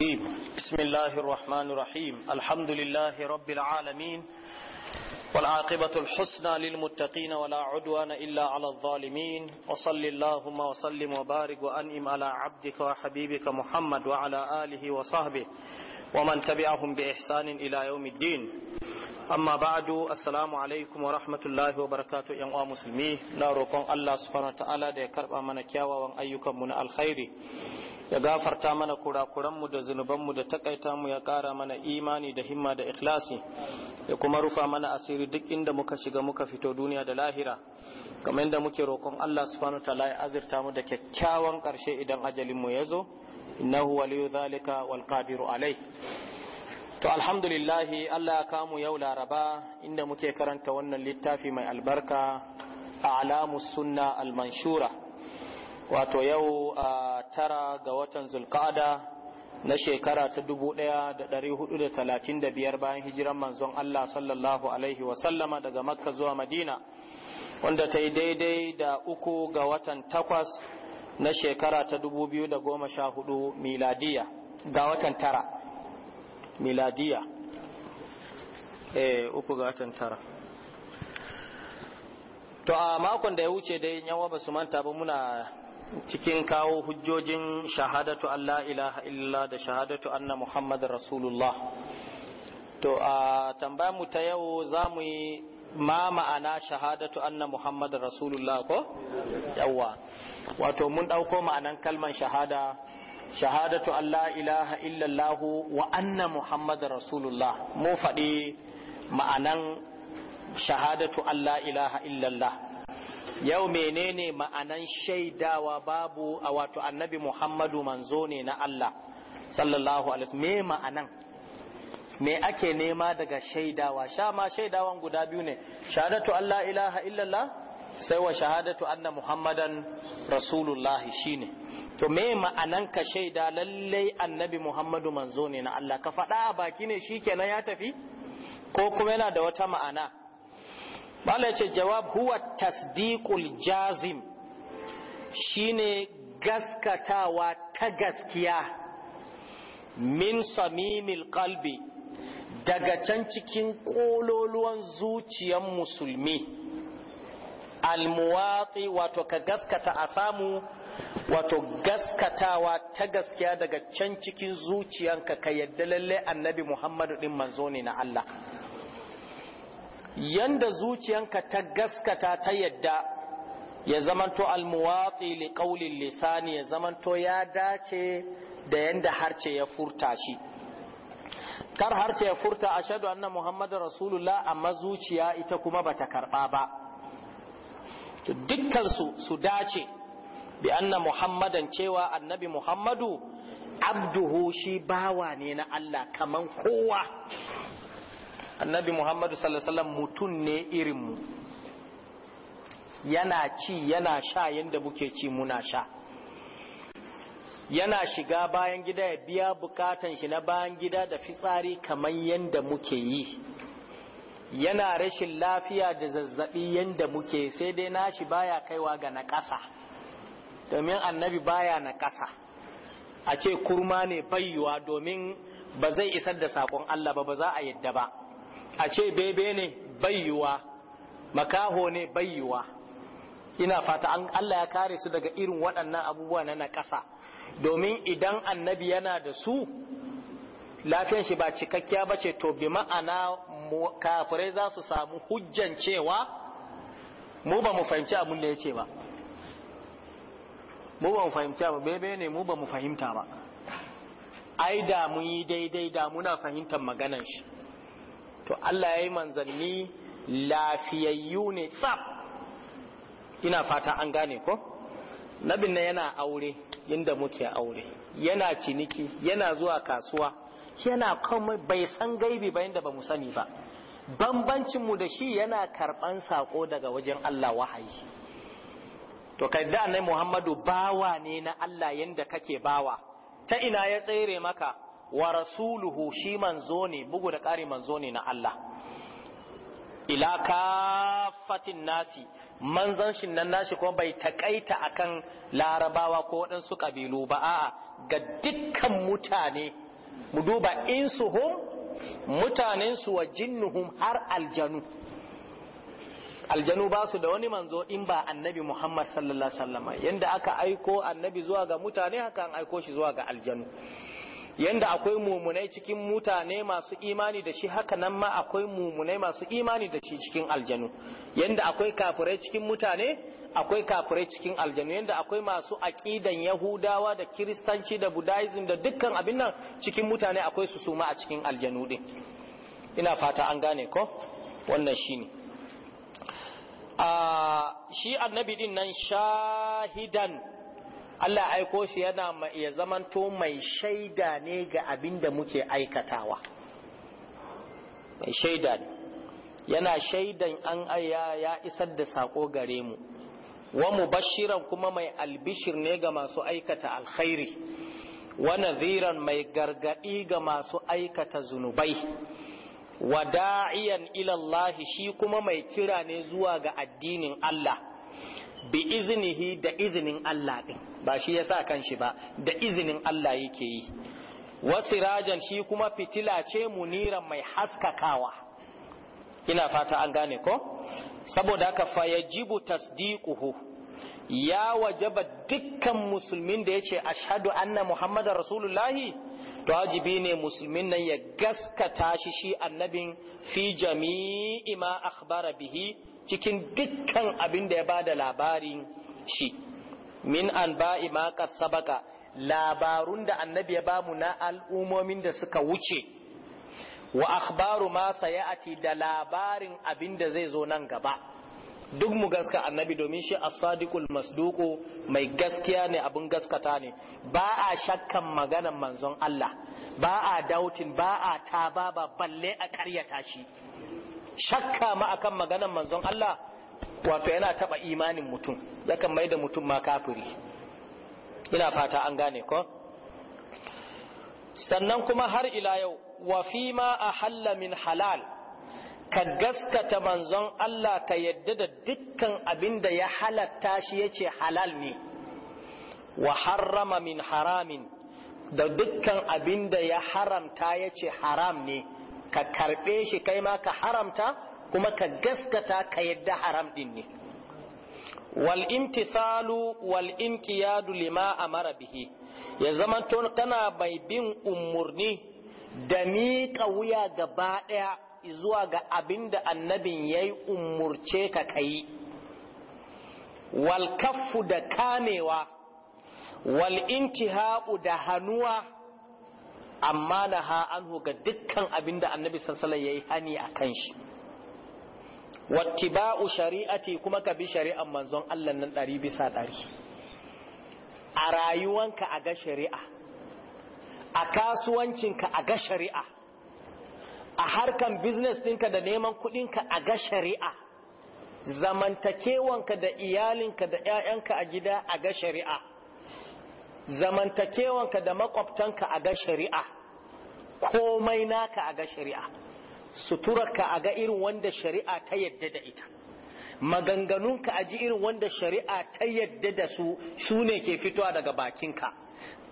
بسم الله الرحمن الرحيم الحمد لله رب العالمين والعاقبة الحسنى للمتقين ولا عدوان إلا على الظالمين وصل اللهم وسلم وبارك وأنئم على عبدك وحبيبك محمد وعلى آله وصحبه ومن تبعهم بإحسان إلى يوم الدين amma ba'du assalamu alaikum wa rahmatullahi wa barakatuh yan uwa musulmi na roƙon Allah subhanahu ta'ala da ya karba mana kyawawan ayyukan mu na alkhairi ya gafarta mana kurakuranmu da zunubanmu da takaita mu ya kara mana imani da himma da ikhlasi ya kuma rufa mana asiri duk inda muka shiga muka fito duniya da lahira kamar inda muke roƙon Allah subhanahu ta'ala ya azurta mu da kyakkyawan ƙarshe idan ajalin mu ya zo innahu waliyu zalika wal qadiru alai to alhamdulillah Allah ya kamu yau laraba inda muke karanta wannan littafi mai albarka a'lamus sunna al manshura wato yau a tara ga watan zulkada na shekara ta dubu ɗaya da ɗari hudu da talatin da biyar bayan hijiran manzon Allah sallallahu alaihi wasallama daga makka zuwa madina wanda ta yi daidai da uku ga watan takwas na shekara ta dubu biyu da goma sha hudu miladiya ga watan tara miladiya e uku ga watan tara to a makon da ya wuce dai yawa ba su manta ba muna cikin kawo hujjojin shahadatu Allah ilaha illa da shahadatu anna Muhammad Rasulullah to a tambayar mu ta yau za mu yi ma ma'ana shahadatu anna Muhammad Rasulullah ko yawwa? wato mun ɗauko ma'anan kalman shahada shahadatu Allah ilaha illallah wa anna Muhammad Rasulullah mu faɗi ma'anan shahadatu Allah ilaha illallah yau menene ma'anan shaidawa babu a wato annabi muhammadu manzo ne na Allah sallallahu alaihi me ma'anan me ake nema daga shaidawa sha ma shaidawan guda biyu ne shahadatu Allah ilaha illallah sai wa shahadatu anna muhammadan rasulullahi shine to me ma'anan ka shaida lallai annabi muhammadu manzo ne na Allah ka faɗa a baki ne shikenan ya tafi ko kuma yana da wata ma'ana bala ya ce jawab huwa tasdiqul jazim shine gaskatawa ta gaskiya min samimil qalbi daga can cikin kololuwan zuciyar musulmi almuwatsi wato ka gaskata a samu wato gaskatawa ta gaskiya daga can cikin zuciyanka ka yadda lalle annabi muhammadu din manzo ne na Allah yanda zuciyanka ta gaskata ta yadda ya zamanto almuwatsi li qaulil lisani ya zamanto ya dace da yanda harce ya furta shi kar harce ya furta ashadu anna muhammadu rasulullah amma zuciya ita kuma bata karɓa ba Dukkansu su su dace bi anna muhammadan cewa annabi muhammadu abduhu shi bawa ne na Allah kaman kowa annabi muhammadu sallallahu mutum ne irinmu yana ci yana sha yadda muke ci muna sha yana shiga bayan gida ya biya bukatan shi na bayan gida da fitsari kamar yadda muke yi yana rashin lafiya da zazzabi yadda muke sai dai nashi baya kaiwa ga na ƙasa domin annabi baya na ƙasa a ce kurma ne bayuwa domin ba zai isar da saƙon Allah ba ba za a yadda ba a ce bebe ne bayyuwa makaho ne bayyuwa ina fata an Allah ya kare su daga irin waɗannan abubuwa na naƙasa domin idan annabi yana da su lafiyan shi ba cikakkiya ba ce to bi ma'ana kafirai za su samu hujjan cewa mu ba mu fahimci abin da ya ce ba mu ba mu fahimta ba bebe ne mu ba mu fahimta ba ai da mun yi daidai da muna fahimtar maganar shi to Allah ya yi manzanni lafiyayyu ne tsab ina fata an gane ko nabin na yana aure inda muke aure yana ciniki yana zuwa kasuwa yana komai bai san gaibi ba inda bamu sani ba bambancin mu da shi yana karɓan sako daga wajen Allah wahayi to kai da Muhammadu bawa ne na Allah yanda kake bawa ta ina ya tsere maka wa rasuluhu shi manzo ne bugu da ƙari manzo ne na Allah ila kafatin nasi manzon shi nan nashi kuma bai takaita akan larabawa ko waɗansu ƙabilu ba a ga dukkan mutane mu duba insuhum mutanensu wa jinnuhum har aljanu aljanu ba su da wani manzo in ba annabi Muhammad sallallahu alaihi wasallam yanda aka aiko annabi zuwa ga mutane haka an aiko shi zuwa ga aljanu yanda akwai mumunai cikin mutane masu imani da shi haka nan ma akwai mumunai masu imani da shi cikin aljanu yanda akwai kafirai cikin mutane akwai kafirai cikin aljanu yanda akwai masu aqidan yahudawa da kiristanci da budaism da dukkan abin nan cikin mutane akwai su suma a cikin aljanu din ina fata an gane ko wannan shine a ah, shi annabi din nan shahidan Allah aiko shi yana ya zamanto mai shaida ne ga abin da muke aikatawa mai shaida yana shaidan an aya ya isar da sako gare mu wa mubashiran kuma mai albishir ne ga masu aikata alkhairi wa nadhiran mai gargadi ga masu aikata zunubai wa da'iyan ila Allah shi kuma mai kira ne zuwa ga addinin Allah bi iznihi da iznin Allah din ba shi ya sa shi ba da izinin Allah yake yi Wasu rajan shi kuma fitila ce muniran mai haskakawa ina fata an gane ko saboda haka fayajibu tasdiquhu ya wajaba dukkan musulmin da yace ashhadu anna muhammadar rasulullahi to wajibi ne musulmin nan ya gaskata shi shi annabin fi jami'i ma akhbara bihi cikin dukkan abin da ya bada labarin shi min ba ma maƙar sabaka labarun da annabi ya bamu na al'umomin da suka wuce wa akhbaru ma sayati da labarin abin da zai zo nan gaba duk mu gaska annabi domin shi as-sadiqul masduqu mai gaskiya ne abin gaskata ne ba a shakkan maganan manzon Allah ba a dautin ba a taba ba balle a ƙaryata shi shakka ma akan maganan manzon Allah wato yana taɓa imanin mutum yakan mai da mutum ma kafiri ina fata an gane ko sannan kuma har ila yau wa fi ma a min halal ka gaskata manzon Allah ka yadda da dukkan abin da ya halatta shi ya ce halal ne wa harrama min haramin da dukkan abin da ya haramta ya ce haram ne ka karɓe shi kai ma ka haramta kuma ka gaskata ka yadda haram din ne wal imtisalu wal inqiyadu lima amara bihi ya zama ton kana bai bin umurni da miƙa wuya gaba daya zuwa ga abinda annabin yayi yi umurce ka kayi wal kaffu da kamewa wal intihau da hanuwa amma na ha anhu ga dukkan abinda da annabi sallallahu alaihi wasallam yayi hani akan shi wattiba'u shari'ati kuma ka bi shari'an manzon Allah nan ɗari bisa ɗari a rayuwanka a ga shari'a a kasuwancinka a ga shari'a a harkan biznes ɗinka da neman kuɗinka a ga shari'a zamantakewanka da iyalinka da 'ya'yanka a gida a ga shari'a zamantakewanka da makwabtanka a ga shari'a komai naka a ga shari'a suturarka a ga irin wanda shari'a ta yadda da ita maganganunka a ji irin wanda shari'a ta yadda da su su ke fitowa daga bakinka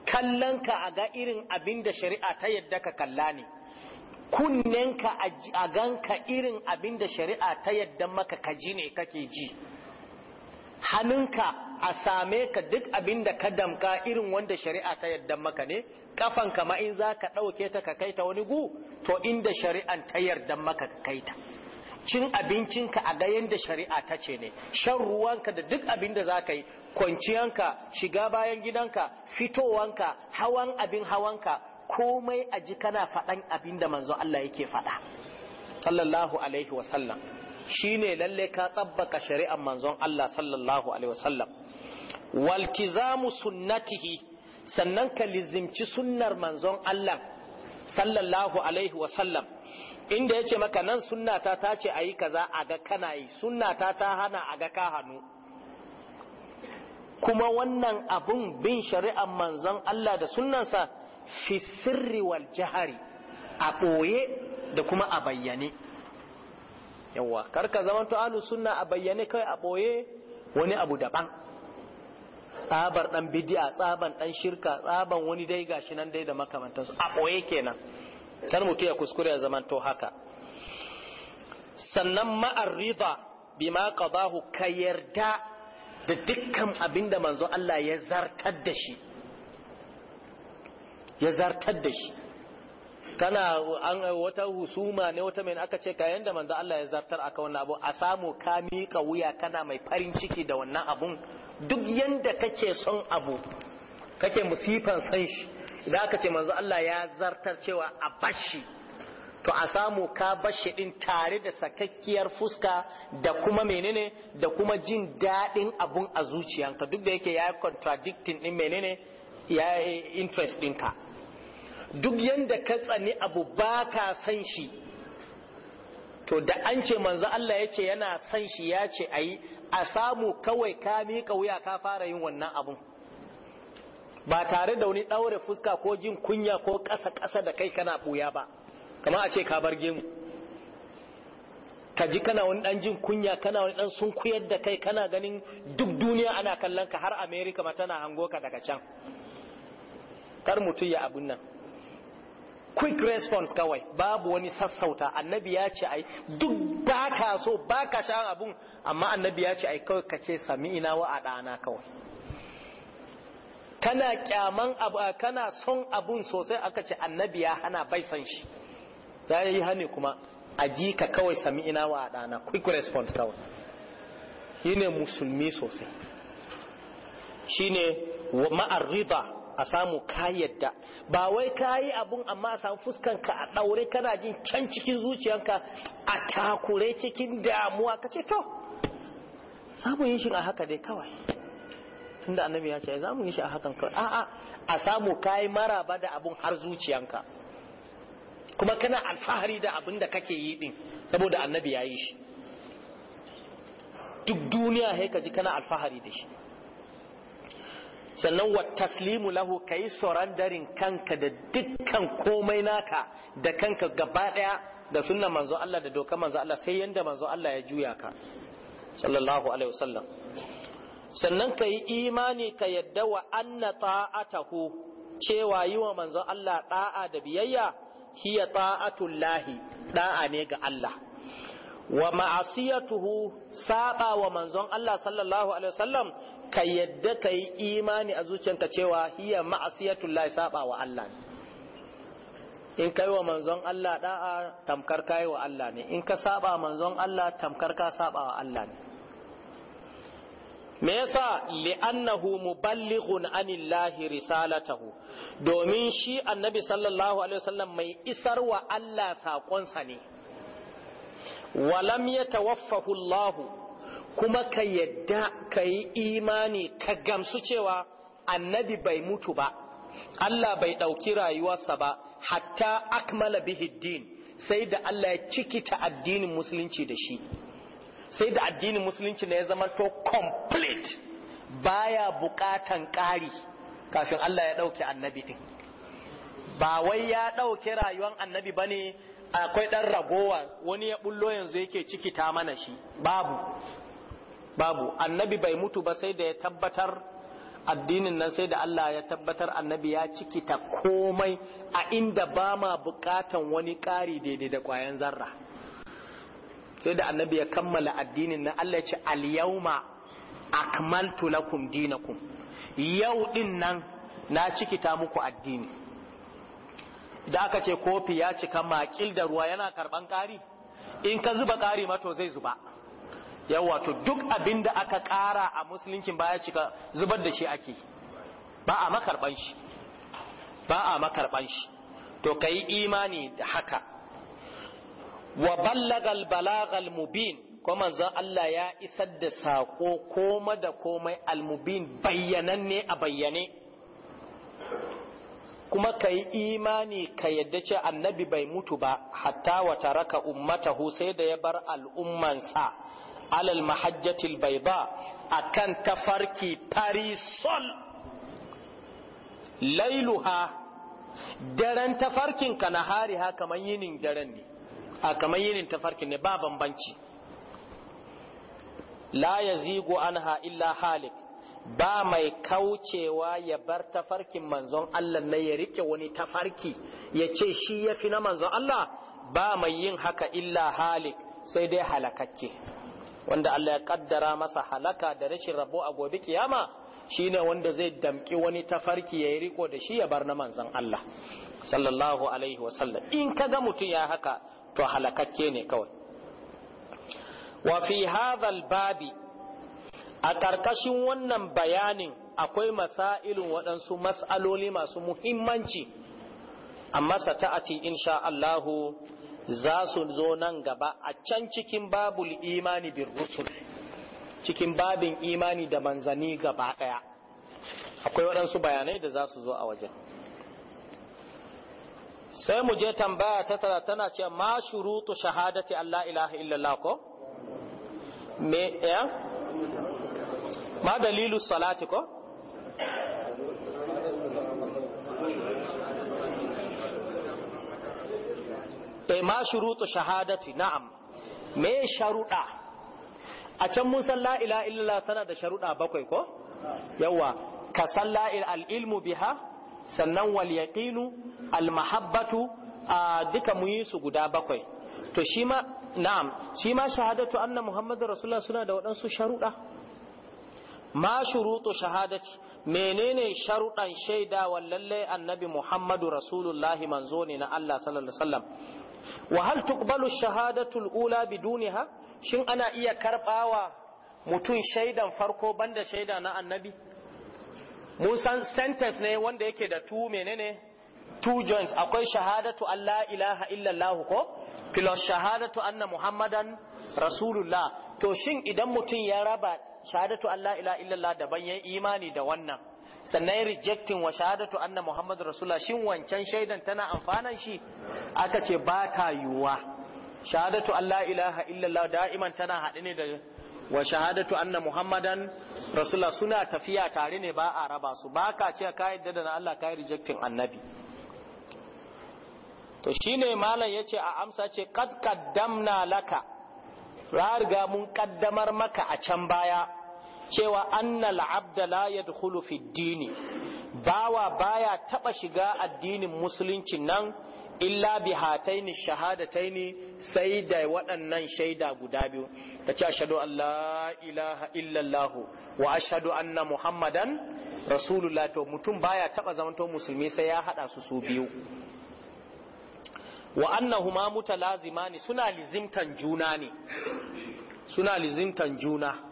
kallonka a ga irin abin da shari'a ta yadda ka kalla ne kunnenka a ganka irin abin da shari'a ta yadda maka ka ji ne kake ji hannunka a same ka duk abin da ka damka irin wanda shari'a ta yadda maka ne kafan kama in za ka ɗauke ta ka kaita wani gu to inda shari'an ta yarda maka kaita cin abincinka a ga da shari'a ta ce ne shan ruwanka da duk abin da za ka yi kwanciyanka shiga bayan gidanka fitowanka hawan abin hawanka komai a ji kana faɗan abin da manzo Allah yake faɗa sallallahu alaihi wasallam ne lalle ka tsabbaka shari'ar manzon Allah sallallahu alaihi wasallam waltizamu sunnatihi sannan ka lizimci sunnar manzon Allah sallallahu alaihi wasallam inda ya maka nan sunnata ta ce a yi kaza a ga kana yi sunnata ta hana a ga ka hannu kuma wannan abun bin shari'ar manzon Allah da sunnansa fi sirri wal jahari a ɓoye da kuma a bayyane yawa karka zamanto alu sunna a bayyane kai a ɓoye wani abu daban tsabar dan bidi'a tsaban dan shirka tsaban wani dai gashi nan dai da makamantansu a boye kenan kar mutu ya kuskure ya to haka sannan ma'ar riba bima qadahu ka yarda da dukkan abinda manzo Allah ya zartar da shi ya zartar da shi kana an eh, wata husuma ne wata mai aka ce ka yanda manzo Allah ya zartar aka wannan abu a samu ka mika wuya kana mai farin ciki da wannan abun duk yanda kake son abu kake musifan san shi idan aka ce manzo Allah ya zartar cewa a bashi to a samu ka bashi din tare da sakakkiyar fuska da kuma menene da kuma jin daɗin abun a zuciyanka duk da yake ya contradicting din menene ya interest ɗinka. duk yadda ka tsani abu ba ka san shi to da an ce manzo Allah ya ce yana san shi ya ce a a samu kawai ka miƙa wuya ka fara yin wannan abun ba tare da wani ɗaure fuska ko jin kunya ko ƙasa-ƙasa da kai kana ɓuya ba Kamar a ce ka bar gemu ka ji kana wani ɗan jin kunya kana wani ɗan sun kuyar da kai kana ganin duk duniya ana kallon ka har Amerika ma tana hango ka daga can kar mutum ya abun nan quick response kawai babu wani sassauta annabi ya ce ai duk baka so baka sha abun amma annabi ya ce ai kawai ka ce sami'ina wa adana kawai kana kyaman abu kana son abun sosai aka ce annabi ya hana bai san shi ya yi hani kuma a ji ka kawai sami'ina wa adana quick response kawai shine musulmi sosai shine ma'ar a samu ka yadda ba wai kayi abun amma a samu fuskanka a ɗaure kana jin can cikin zuciyanka a takure cikin damuwa ka ce to za mu yi shi a haka dai kawai tunda annabi ya ce za mu yi shi a hakan kawai a'a a samu ka yi ba da abun har zuciyanka kuma kana alfahari da abin da kake yi din saboda annabi ya yi shi duk duniya haika ji kana alfahari da shi sannan wa taslimu lahu kayi surrendering kanka da dukkan komai naka da kanka gaba daya da sunnan manzo Allah da doka manzo Allah sai yanda manzo Allah ya juya ka sallallahu alaihi wasallam sannan ka yi imani ka yadda wa anna ta'atahu cewa yi wa manzo Allah da'a da biyayya hiya ta'atul lahi da'a ne ga Allah wa ma'asiyatuhu saba wa manzon Allah sallallahu alaihi wasallam ka yadda ka yi imani a zuciyanka cewa hiya ma'asiyatullahi saba wa Allah ne in kai wa manzon Allah da'a tamkar kai wa Allah ne in ka saba manzon Allah tamkar ka saba wa Allah ne me yasa li'annahu muballighun anillahi risalatahu domin shi annabi sallallahu alaihi wasallam mai isar wa Allah saƙonsa ne walam yatawaffahu Allahu kuma ka yadda ka yi imani ka gamsu cewa annabi bai mutu ba Allah bai ɗauki rayuwarsa ba hatta akmala bihiddin sai da Allah ya cikita addinin musulunci da shi sai da addinin musulunci ne ya zama to complete baya buƙatan ƙari kafin Allah ya ɗauki annabi din. ba wai ya ɗauki rayuwar annabi ba ne akwai ɗan ragowa wani ya ɓullo yanzu yake ciki ta mana shi babu babu annabi bai mutu ba sai da ya tabbatar addinin nan sai da Allah ya tabbatar annabi ya ciki ta komai a inda ba ma bukatan wani ƙari daidai da ƙwayan zarra sai da annabi ya kammala addinin nan Allah ya ce al-yawma akmaltu lakum dinakum yau din nan na ciki ta muku addini da aka ce kofi ya cika makil da ruwa yana karban ƙari in ka zuba ƙari mato zai zuba yawa to duk abin da aka kara a musuluncin baya cika zubar da shi ake ba a makarban shi ba a makarban shi to ka yi imani da haka wa ballagal balagal mubin ko manzon Allah ya isar da sako koma da komai almubin bayyananne a bayyane kuma ka yi imani ka yadda ce annabi bai mutu ba hatta wata raka ummatahu sai da ya bar al'ummansa alal mahajjatil a akan tafarki farisol lailuha daren tafarkin ka na hari ha kamar yinin daren ne a kamar yinin tafarkin ne ba bambanci la yazigu anha illa halik ba mai kaucewa ya bar tafarkin manzon Allah na ya rike wani tafarki ya ce shi ya fi na manzon Allah ba mai yin haka illa halik sai dai halakakke wanda Allah ya kaddara masa halaka da rashin rabo a gobe kiyama shine wanda zai damki wani tafarki ya yi riko da shi ya bar na manzon Allah sallallahu alaihi sallam. in ga mutum ya haka to halakakke ne kawai wa fi hadhal babi a karkashin wannan bayanin akwai masailun waɗansu mas'aloli masu muhimmanci amma sata'ati insha Allahu za su zo nan gaba a can cikin babul imani bin rusul cikin babin imani da manzani gaba ɗaya akwai waɗansu bayanai da za su zo a wajen sai mu je tambaya ta tara tana ce ma shurutu shahadati Allah ilaha illallah ko me ya eh? ma dalilu salati ko eh ma shurutu shahadati na'am me sharuda a can mun san la ilaha illallah tana da sharuda bakwai ko yawa ka san la al ilmu biha sannan wal yaqinu al mahabbatu duka mu yi su guda bakwai to shi ma na'am shi ma shahadatu anna muhammadar rasulullah suna da waɗansu sharuɗa ma shuruɗu shahadati menene sharuɗan shaida wa lallai annabi muhammadu rasulullahi manzo ne na allah sallallahu alaihi wasallam wa hal tuqbalu shahadatul ula biduniha shin ana iya karbawa mutum shaidan farko banda shaida na annabi mun san sentence ne wanda yake da tu menene two joints akwai shahadatu Allah ilaha illallah ko plus shahadatu anna muhammadan rasulullah to shin idan mutum ya raba shahadatu Allah ilaha illallah daban ya imani da wannan sannan rejecting wa shahadatu anna muhammadu rasulullah shin wancan shaidan tana amfanan shi aka ce ba ta yiwuwa shahadatu allah ilaha illallah da'iman tana haɗe ne da wa shahadatu anna muhammadan rasulullah suna tafiya tare ne ba a raba su ba ka ce ka yadda da allah ka yi rejecting annabi to shine malam yace a amsa ce qad qaddamna laka ya riga mun kaddamar maka a can baya cewa annal abda la yadkhulu fi dini bawa baya taba shiga addinin musulunci nan illa bi hataini shahadataini sai da waɗannan shaida guda biyu ta ce ashadu an la ilaha illallah wa ashadu anna muhammadan rasulullah to mutum baya taba zamanto musulmi sai ya hada su su biyu wa ma mutalazimani suna lizimtan juna ne suna lizimtan juna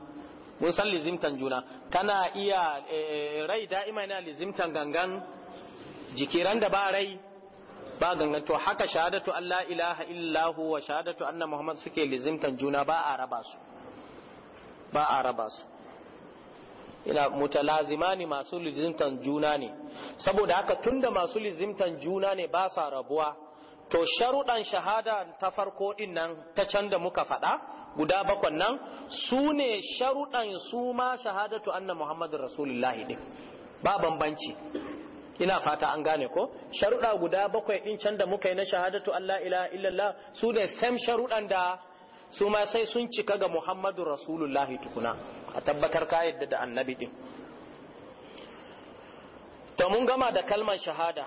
mun san lizimtan juna kana iya eh, eh, rai da'ima yana lizimtan gangan jikiran da ba rai ba gangan to haka shahadatu Allah ilaha illahu wa shahadatu anna Muhammad suke lizimtan juna ba a raba su ba a raba su ina mutalazimani masu lizimtan juna ne saboda haka tunda masu lizimtan juna ne ba sa rabuwa to sharuɗan shahada ta farko ɗin nan ta can da muka faɗa guda bakwan nan su ne sharuɗan su ma shahadatu anna muhammadin rasulullahi ɗin ba bambanci ina fata an gane ko sharuɗa guda bakwai ɗin can da muka yi na shahadatu Allah ila illallah su ne sam sharuɗan da su ma sai sun cika ga Muhammadu Rasulullahi tukuna a tabbatar ka yadda da annabi ɗin. To mun gama da kalmar shahada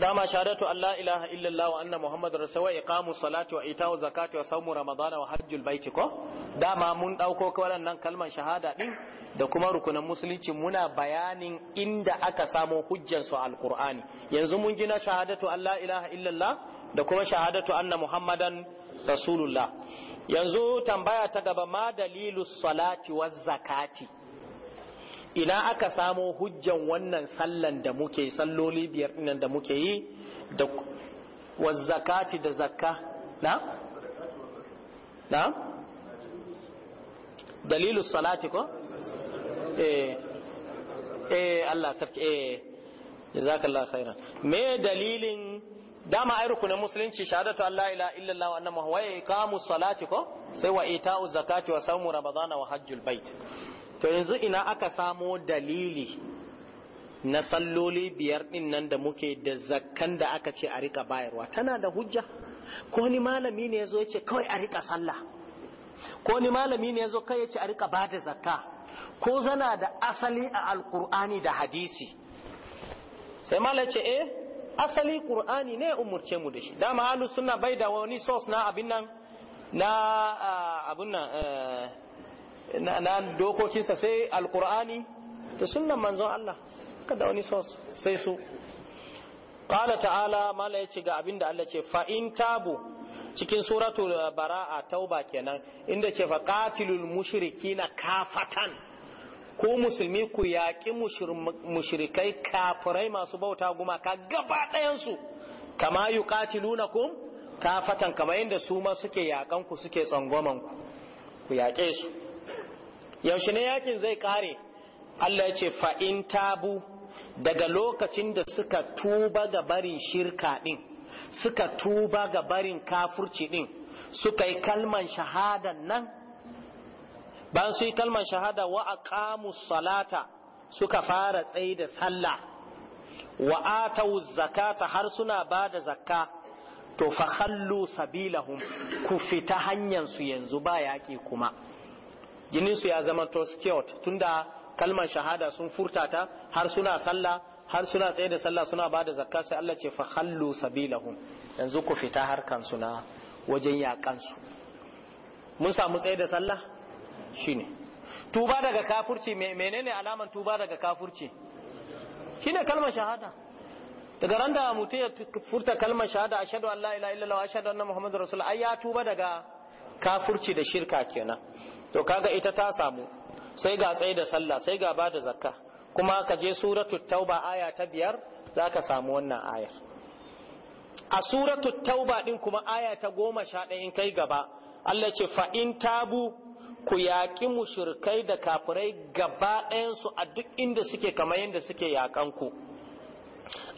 dama shahadatu Allah ilaha illallah wa anna muhammadar rasul wa iqamu salati wa ita'u zakati wa saumu ramadana wa hajjul baiti ko dama mun dauko waɗannan kalman shahada din da kuma rukunan musulunci muna bayanin inda aka samo hujjar su alqur'ani yanzu mun gina shahadatu Allah ilaha illallah da kuma shahadatu anna muhammadan rasulullah yanzu tambaya ta gaba ma dalilu salati wa zakati ina aka samo hujjan wannan sallan da muke salloli biyar dinan da muke yi da wazzakati da zakka na na dalilu salati ko eh eh Allah sarki eh jazakallahu khairan me dalilin dama ai rukunin musulunci shahadatu Allah ila Allah wa anna muhammadu wa iqamus salati ko sai wa ita'uz zakati wa sawmu ramadana wa hajjul bait to yanzu ina aka samo dalili na salloli biyar din nan da muke da zakkan da aka ce a rika bayarwa tana da hujja ko ni malami ne yazo yace kawai a rika sallah ko ni malami ne yazo kai yace a rika bada zakka ko zana da asali a alqur'ani da hadisi sai malai ce eh asali qur'ani ne umurce mu da shi dama ahlus sunna bai da wani source na abin nan na ah, abun nan eh, na dokokinsa sai alkur'ani da sunan manzon Allah kada wani sos sai su qala ta'ala mala yace ga abinda Allah ce fa in tabu cikin suratu bara'a tauba kenan inda ce fa qatilul mushrikina kafatan ko musulmi ku yaƙi mushrikai kafirai masu bauta guma ka gaba ɗayansu kama ku? kafatan kamar yadda su ma suke yaƙanku suke tsangwaman ku ku yaƙe su yaushe ne yakin zai kare Allah ya ce fa'in tabu daga lokacin da suka tuba ga barin shirka ɗin suka tuba ga barin kafurci ɗin suka yi kalman shahadan nan bayan su yi kalman shahada wa a kamu salata suka fara tsaye da sallah wa wuzzaka zakata har suna ba da zakka to fa khallu sabilahum ku fita hanyar su yanzu ba yaƙi kuma jinin su ya zama to secured tunda kalmar shahada sun furta ta har suna sallah har suna tsaye da sallah suna ba da zakka sai Allah ce fa hallu sabilahum yanzu ku fita harkan su na wajen yakan su mun samu tsaye da sallah shine tuba daga kafurci menene alaman tuba daga kafurci shine kalmar shahada daga ran da mutum ya furta kalmar shahada ashhadu an la ilaha illallah wa ashhadu anna muhammadar rasul ai ya tuba daga kafurci da shirka kenan to kaga ita ta samu sai ga tsaye da sallah sai ga ba da zakka kuma ka je suratul tauba aya ta biyar za ka samu wannan ayar a suratul tauba din kuma aya ta goma sha ɗaya in kai gaba Allah ce fa'in tabu ku yaƙi mushrikai da kafirai gaba ɗayansu a duk inda suke kamar yadda suke yaƙan ku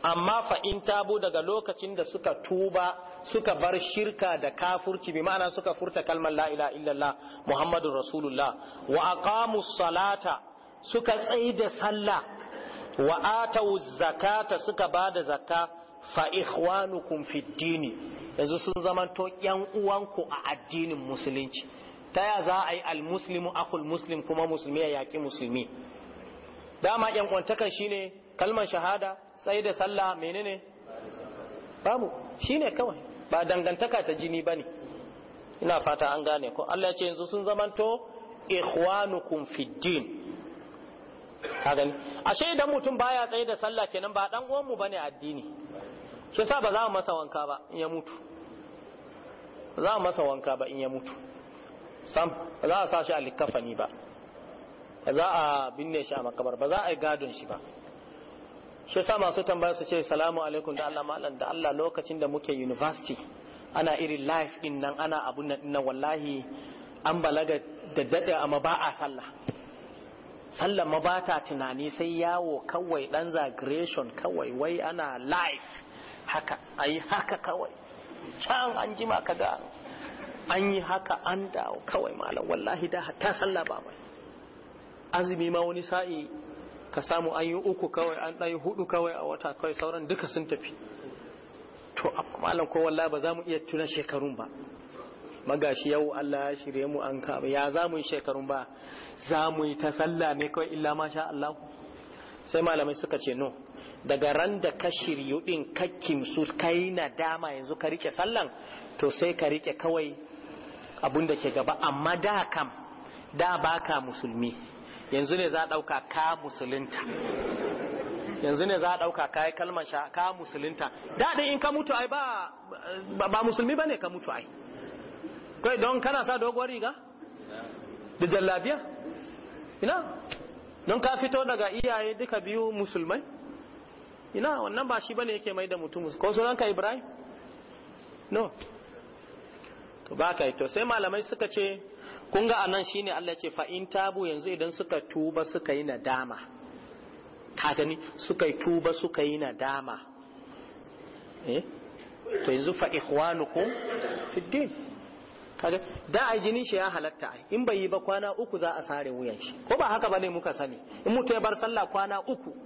amma fa'in tabu daga lokacin da suka tuba suka bar shirka da kafurci bi ma'ana suka furta kalmar la ilaha illallah muhammadun rasulullah wa aqamu salata suka tsayi da sallah wa atau zakata suka bada zakka fa ikhwanukum fid dini yanzu sun zamanto yan uwanku a addinin musulunci ta ya za a yi almuslimu akhul muslim kuma musulmi ya yaki musulmi dama yan kwantakan shine kalmar shahada tsayi da sallah menene babu shine kawai ba dangantaka ta jini ba ne ina fata an gane ko Allah ya ce yanzu sun zamanto ikhwanukum fiddin ka gani ashe idan mutum baya tsaye da sallah kenan ba dan uwan mu bane addini shi sa ba za mu masa wanka ba in ya mutu za mu masa wanka ba in ya mutu sam ba za a sa shi a likafani ba ba za a binne shi a makabar ba za a yi gadon shi ba shi yasa masu tambaya su ce salamu alaikum da Allah malam da Allah lokacin da muke university ana iri life din nan ana abun nan nan wallahi an balaga da dade amma ba a sallah sallah ma ba ta tunani sai yawo kawai dan zagration kawai wai ana life haka ayi haka kawai can an jima kaga an yi haka an dawo kawai malam wallahi da ta sallah ba mai azumi ma wani sa'i ka samu an yi uku kawai an ɗaya hudu kawai a wata kawai sauran duka sun tafi to malam ko wallahi ba za mu iya tuna shekarun ba magashi yau Allah ya shirye mu an kama ya za mu yi shekarun ba za mu yi ta sallah ne kawai illa ma sha Allah sai malamai suka ce no daga ran da ka shiryu din ka kimsu kai na dama yanzu ka rike sallan to sai ka rike kawai abun da ke gaba amma da kam da baka musulmi yanzu ne za a ɗauka ka musulunta yanzu ne za a ɗauka ka yi kalmar sha ka musulunta daɗin in ka mutu ai ba ba musulmi ba ne ka mutu ai kai don kana sa doguwar riga da jallabiya ina don ka fito daga iyaye duka biyu musulmai ina wannan ba shi bane yake mai da mutum ko sunanka ibrahim no to ba ka to sai malamai suka ce kun ga anan shine Allah ce fa in tabu yanzu idan suka tuba suka yi nadama ka gani suka yi tuba suka yi nadama eh to yanzu fa ikhwanukum fiddin din kaga da ai jinin shi ya halatta ai in bai yi ba kwana uku za a sare wuyan shi ko ba haka bane muka sani in mutu ya bar sallah kwana uku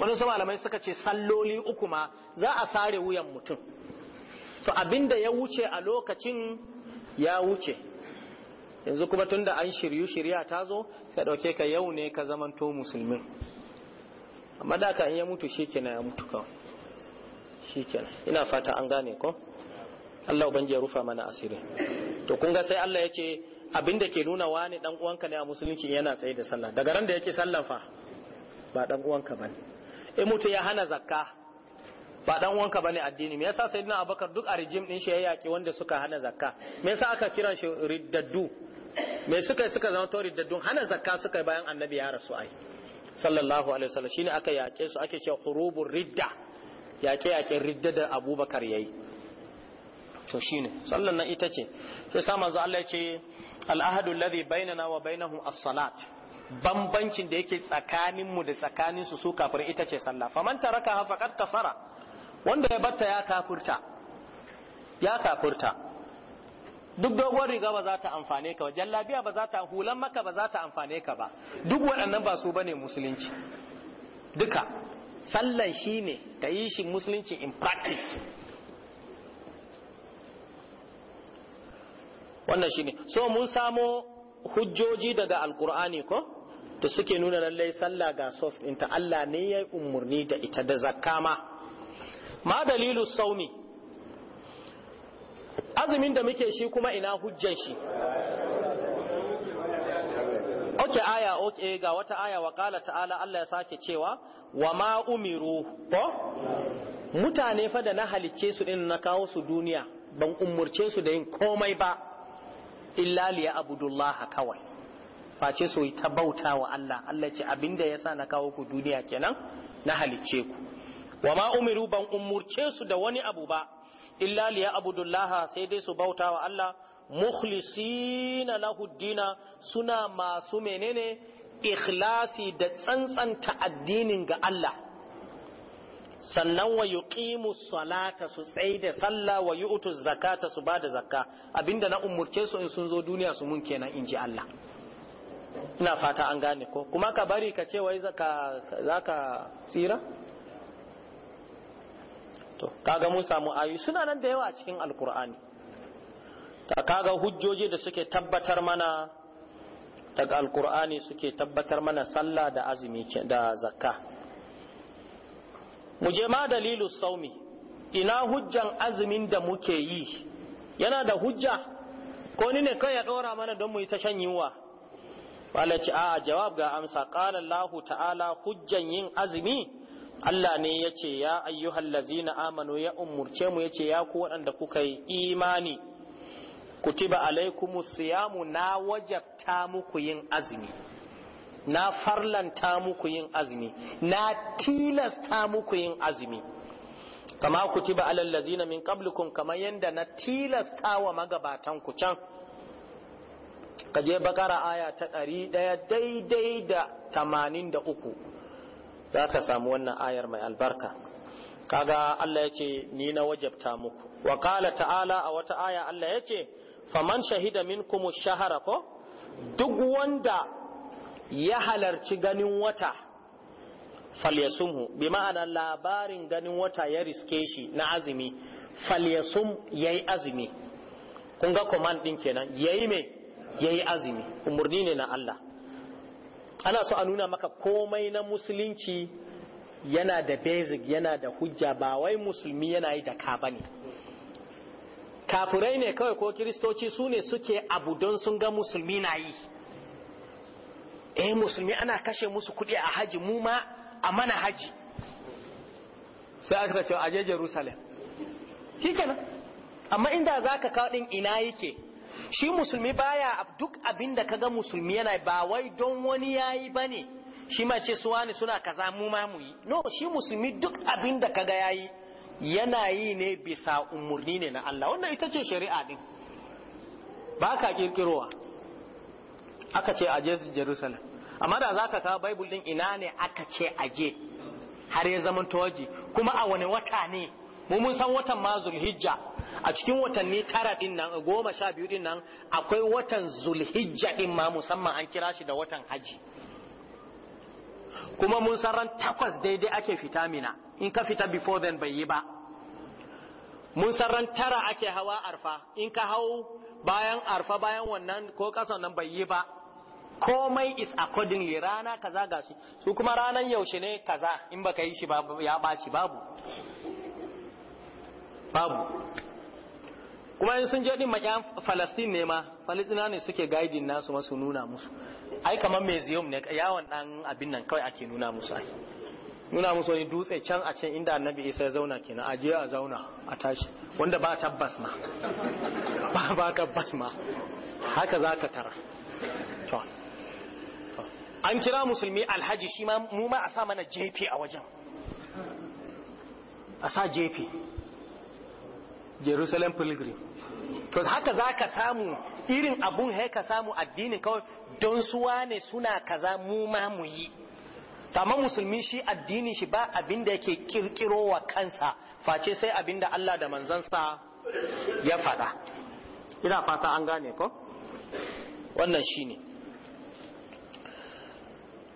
wani sa malamai suka ce salloli uku ma za a sare wuyan mutum to abinda ya wuce a lokacin ya wuce yanzu kuma tun da an shiryu shirya ta zo sai dauke ka yau ne ka zamanto musulmin amma da ka ya mutu shikenan ya mutu kawai shikenan ina fata an gane ko Allah ubangiji ya rufa mana asiri to kun ga sai Allah ya ce abinda ke nuna wani dan uwanka ne a musulunci yana tsaye da sallah daga ran da yake sallah fa ba dan uwanka bane in mutu ya hana zakka ba dan uwanka bane addini me yasa sayyidina abubakar duk a rijim din shi ya yaki wanda suka hana zakka me yasa aka kiran shi riddaddu me suka suka zama da dun hana zakka suka bayan annabi ya rasu ai sallallahu alaihi wasallam shine aka yake su ake cewa qurubur ridda yake yake ridda da abubakar yayi to shine sallan nan ita ce sai sa manzo Allah ya ce al ahadu alladhi bainana wa bainahum as-salat bambancin da yake tsakanin mu da tsakanin su su kafir ita ce sallah faman taraka faqad kafara wanda ya batta ya kafurta ya kafurta duk dogon riga ba za ta amfane ka ba jallabiya ba za ta hulan maka ba za ta amfane ka ba duk waɗannan ba su bane musulunci duka sallan shi ne ka yi shi musulunci in practice wannan shi ne so mun samo hujjoji daga alkur'ani ko da suke nuna lallai sallah ga sos ɗinta Allah ne ya yi umarni da ita da zakama ma dalilu saumi azumin da muke shi kuma ina hujjan shi Oke aya oke ga wata aya wa kala ta'ala Allah ya sake cewa wa ma umiru ko mutane fa da na halicce su din na kawo su duniya ban umurce su da yin komai ba illa liya abudullah kawai face su ta bauta wa Allah Allah ce abinda yasa na kawo ku duniya kenan na halicce ku wa ma umiru ban umurce su da wani abu ba illa liya abudullaha sai dai su bauta wa Allah mukhlisina lahu dina suna masu menene ikhlasi da tsantsanta addinin ga Allah sannan wa yuqimu salata su tsaye da sallah wa yu'tu zakata su bada zakka abinda na umurce su in sun zo duniya su mun kenan in ji Allah ina fata an gane ko kuma ka bari ka ce wai zaka zaka tsira to kaga mun samu ayu suna nan da yawa a cikin alkur'ani ta kaga hujjoji da suke tabbatar mana daga alkur'ani suke tabbatar mana sallah da azumi da zakka mu je ma dalilu saumi ina hujjan azumin da muke yi yana da hujja ko ni ne kai ya dora mana don mu yi ta shan yunwa wala ci a jawab ga amsa qala allah ta'ala hujjan yin azumi Allah ne ya ce ya na amanu ya umurce mu ya ce ya ku waɗanda kuka yi imani ku kutiba alaikumu siyamu na wajabta muku yin azumi na farlanta muku yin azumi na tilasta muku yin azumi kama kutiba alallazina min kablikun kamar yadda na tilasta wa magabatan ku can kaje bakara aya ta ɗari ɗaya daidai da tamanin da uku za ka samu wannan ayar mai albarka kaga Allah ya ce ni na wajabta muku wa kala ta'ala a wata aya Allah ya ce faman shahida min minkum shahara ko duk wanda ya halarci ganin wata falyasumhu bi ma'ana labarin ganin wata ya riske shi na azumi falyasum yayi azumi kun ga command din kenan yayi me yayi azumi umarni ne na Allah ana so a nuna maka komai na musulunci yana da basic yana da hujja ba wai musulmi yana yi da ka bane kafirai ne kawai ko kiristoci su ne suke abu don sun ga musulmi na yi eh musulmi ana kashe musu kuɗi a haji mu ma a mana haji sai aka ce aje Jerusalem shi kenan amma inda zaka kawo din ina yake shi musulmi baya duk abinda da kaga musulmi yana ba wai don wani yayi bane shi ma ce suwa ne suna kaza mu ma mu yi no shi musulmi duk abinda da kaga yayi yana yi ne bisa umurni ne na Allah wannan ita ce shari'a din ba ka kirkirowa aka ce aje Jerusalem amma da zaka kawo Bible din ina ne aka ce aje har ya zama tawaji kuma a wani wata ne mu mun san watan ma zulhijja a cikin watanni tara din nan goma sha biyu din nan akwai watan zulhijja din ma musamman an kira shi da watan haji kuma mun san ran takwas daidai ake fita mina in ka fita before then bai yi ba mun san ran tara ake hawa arfa in ka hau bayan arfa bayan wannan ko kasan nan bai yi ba komai is accordingly rana kaza gashi su kuma ranan yaushe ne kaza in baka yi shi ya shi babu babu kuma in sun je din makyan falastin ne ma falastina ne suke gaidin nasu masu nuna musu ai kamar museum ne yawon dan abin nan kawai ake nuna musu ai nuna musu wani dutse can a can inda annabi isa ya zauna kenan a je a zauna a tashi wanda ba tabbas ma ba ba tabbas ma haka za ka tara an kira musulmi alhaji shi ma mu ma a sa mana jefi a wajen a sa jefi Jerusalem pilgrim to haka za ka samu irin abun he ka samu addinin kawai don suwa ne suna kaza mu ma mu yi amma musulmi shi addinin shi ba abin da yake kirkiro wa kansa face sai abin da Allah da manzansa ya faɗa ina fata an gane ko wannan shi ne.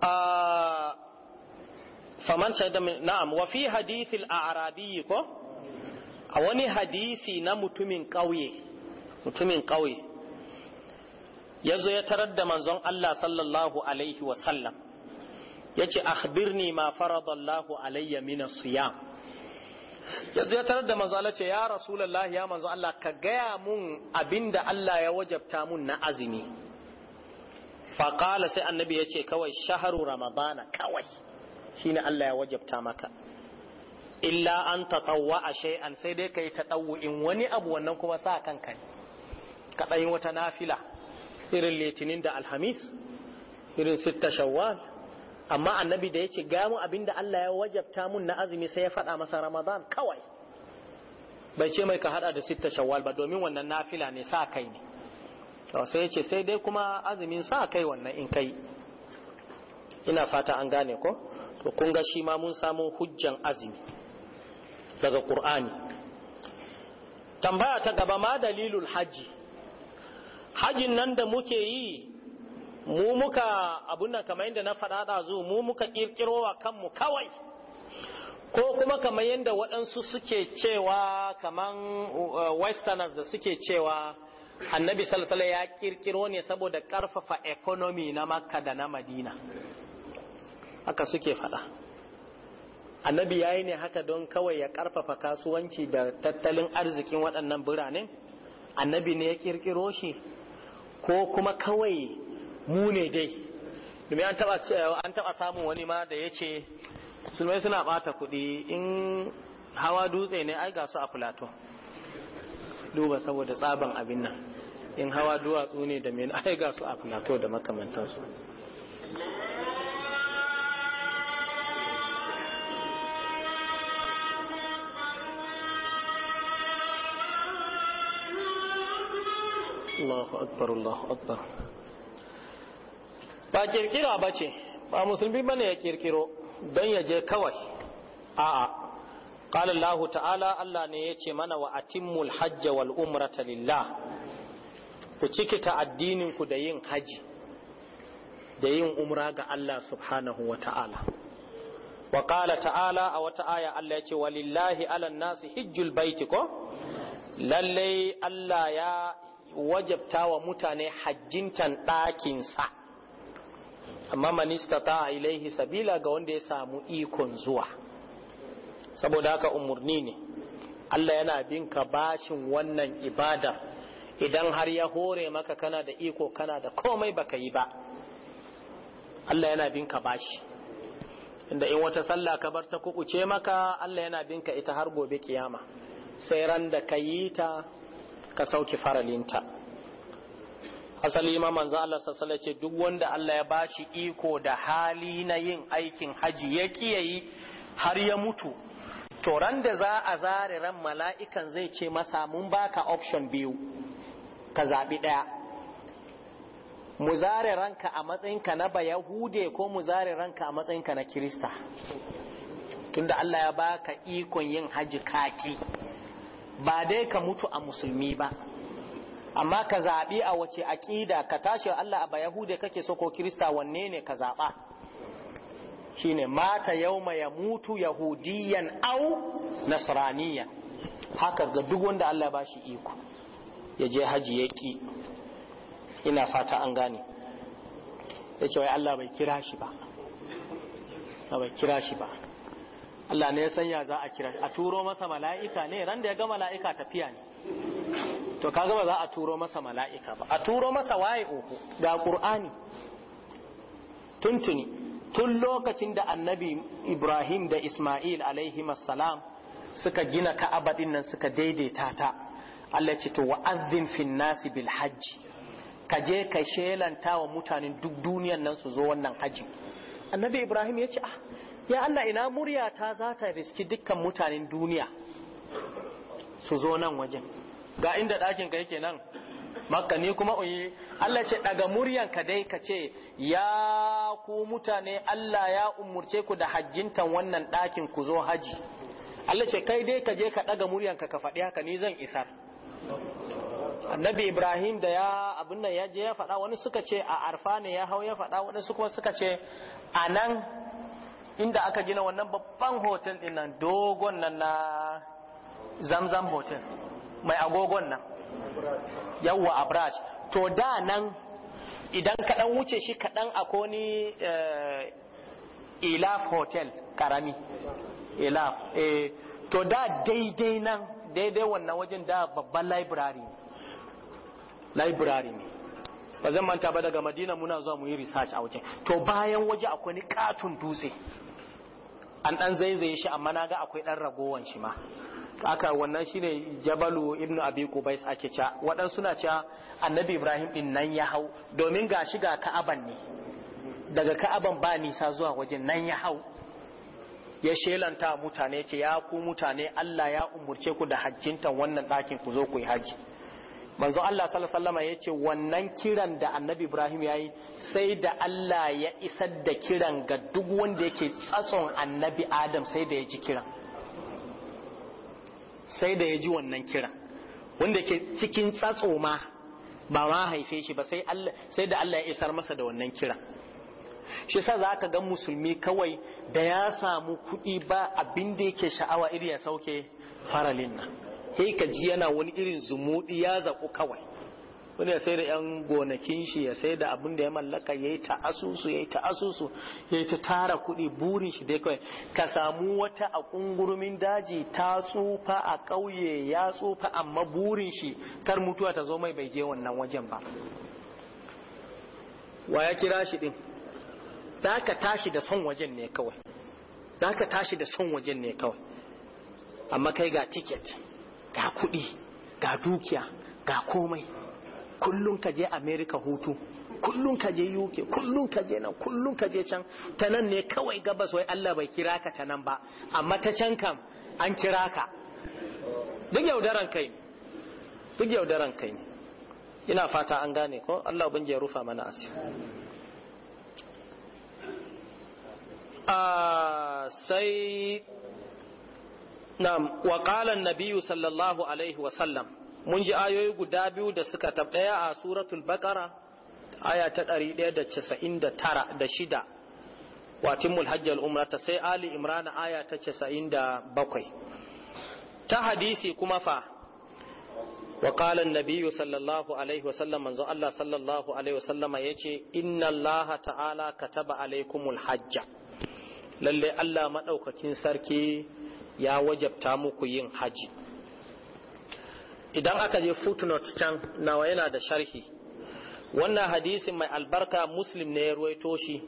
Ah, faman shaida na'am wa fi hadithil a'rabi ko a wani hadisi na mutumin ƙauye mutumin ƙauye ya zo ya tarar da manzon Allah sallallahu alaihi wasallam ya ce akhbirni ma faradallahu alayya min siyam ya zo ya tarar da manzon Allah ce ya rasulullahi ya manzon Allah ka gaya mun abinda Allah ya wajabta mun na azumi faƙala sai annabi ya ce kawai shaharu ramadana kawai shine Allah ya wajabta maka illa an tatawwa a shay'an sai dai ta in wani abu wannan kuma sa kanka ne ka wata nafila irin litinin da alhamis irin sitta shawwal amma annabi da yace gamu mu abinda Allah ya wajabta mun na azumi sai ya faɗa masa ramadan kawai bai ce mai ka hada da sitta shawwal ba domin wannan nafila ne sa kai ne sai yace sai dai kuma azumin sa kai wannan in kai ina fata an gane ko to kun ga shi ma mun samu hujjan azumi daga qur'ani tambaya ta gaba ma dalilul hajji hajjin nan da muke yi mu muka abun nan kamar yadda na faɗa ɗazu mu muka ƙirƙiro wa kanmu kawai ko kuma kamar yadda waɗansu suke cewa kaman uh, westerners da suke cewa annabi salsala ya kirkiro ne saboda ƙarfafa economy na makka da na madina haka suke faɗa annabi ya yi ne haka don kawai ya karfafa kasuwanci da tattalin arzikin waɗannan biranen annabi ne ya kirkiro shi ko kuma kawai mu ne dai domin an taɓa samun wani ma da ya ce sulmai suna ɓata kuɗi in hawa dutse ne ai ga su a filato duba saboda tsaban abin nan in hawa duwatsu ne da mai ai ga su a filato da makamantansu akbar akbar ba kirkira ba ce ba musulmi bane ya kirkiro don ya je kawai a'a قال ta'ala Allah ne yace mana wa atimmul hajj wal umrata lillah ku ta addinin ku da yin haji da yin umra ga Allah subhanahu wa ta'ala wa qala ta'ala a wata aya Allah yace walillahi ala nasu hijjul baiti ko lalle Allah ya wajabta wa mutane hajjintan ɗakinsa amma manista ta ilaihi sabila ga wanda ya samu ikon zuwa saboda haka umarni ne Allah yana bin ka bashin wannan ibada idan har ya hore maka kana da iko kana da komai baka yi ba Allah yana bin ka bashi inda in wata sallah ka bar ta kuɓuce maka Allah yana bin ka ita har gobe kiyama sai ran da ka yi ta ka sauke faralinta asali ma manzo Allah sassala ce duk wanda Allah ya bashi iko da hali na yin aikin haji ya kiyayi har ya mutu to ran da za a zare ran mala'ikan zai ce masa mun baka option biyu ka zaɓi ɗaya mu zare ranka a matsayinka na bayahude ko mu zare ranka a matsayinka na kirista tunda Allah ya baka ikon yin haji kaki ba dai ka mutu a musulmi ba amma ka zaɓi a wace aƙida ka tashi Allah a Yahude kake so ko Kirista wanne ne ka zaɓa shine mata yauma ya mutu yahudiyan au nasraniya haka ga duk wanda Allah ba shi iko ya je haji ya ki ina fata an gane ya ce wai Allah bai kira shi ba bai kira shi ba Allah ne ya sanya za a kira a turo masa mala'ika ne ran da ya ga mala'ika tafiya ne to kaga ba za a turo masa mala'ika ba a turo masa waye uku ga qur'ani tuntuni tun lokacin da annabi Ibrahim da Ismail alaihi salam suka gina ka'aba din nan suka daidaita ta Allah ce to wa'azzin fin nasi bil hajji ka je ka shelanta wa mutanen duk duniyan nan su zo wannan haji annabi Ibrahim ya ce ah ya Allah ina ta za ta riski dukkan mutanen duniya su zo nan wajen ga inda ɗakin ka yake nan makka ni kuma uyi Allah ce daga muryan ka dai ka ce ya ku mutane Allah ya umurce ku da hajjintan wannan ɗakin ku zo haji Allah ce kai dai ka je ka daga muryan ka faɗi haka ni zan isar annabi ibrahim da ya abin nan ya je ya faɗa wani suka ce a arfa ne ya hau ya faɗa wani kuma suka ce a nan inda aka gina wannan babban hotel din nan dogon nan na zamzam hotel mai agogon nan yawwa abraj to da nan idan kaɗan wuce shi kaɗan akwai ni ilaf eh, hotel karami ilaf eh, to da daidai nan daidai wannan wajen da babban library library ba zan manta ba daga madina muna zuwa mu yi research a wajen to bayan waje akwai ni katun dutse an dan zaizaye shi amma na ga akwai dan ragowan shi ma aka wannan shine jabalu ibnu abi qubais ake ca wadan suna cha annabi ibrahim din nan ya hau domin ga shi ga ka'aban ne daga ka'aban ba nisa zuwa wajen nan ya hau ya shelanta mutane ce ya ku mutane Allah ya umurce ku da hajjintan wannan dakin ku zo ku yi haji manzo Allah sallallahu alaihi wasallam ce wannan kiran da annabi Ibrahim yayi yi sai da Allah ya isar da kiran ga duk wanda yake tsatson annabi Adam sai da ya ji kiran sai da ya ji wannan kiran wanda yake cikin tsatso ma ba ma haife shi ba sai Allah sai da Allah ya isar masa da wannan kiran shi yasa za ka ga musulmi kawai da ya samu kuɗi ba abin da yake sha'awa iri ya sauke faralin nan sai ka ji yana wani irin zumuɗi ya zaku kawai wani ya sai da yan gonakin shi ya sai da abin da ya mallaka ya yi ta'asusu ya yi ta'asusu ya yi ta tara kuɗi burin shi dai kawai ka samu wata a kungurumin daji ta tsufa a ƙauye ya tsufa amma burin shi kar mutuwa ta zo mai bai je wannan wajen ba wa ya kira shi din za ka tashi da son wajen ne kawai za ka tashi da son wajen ne kawai amma kai ga tiket ga kuɗi ga dukiya ga komai kullum ka je america hutu kullum ka je UK kullum ka je nan kullum ka je can ta nan ne kawai gabas wai Allah bai kira ka ta nan ba amma ta can kam an kira ka duk yaudaran kai duk yaudaran kai ina fata an gane ko Allah bin ya rufa mana asiri ah, sai na'am wa qala nabiyyu sallallahu alaihi wa sallam mun ji ayoyi guda biyu da suka ɗaya a suratul baqara aya ta 199 da shida wa timmul hajj al-umrata sai ali imran aya ta 97 ta hadisi kuma fa wa qala sallallahu alaihi wa sallam manzo Allah sallallahu alaihi wa sallama yace inna Allah ta'ala kataba alaikumul hajja lalle Allah madaukakin sarki ya wajabta muku yin haji idan aka je footnote can nawa yana da sharhi wannan hadisin mai albarka muslim ne ya ruwaito shi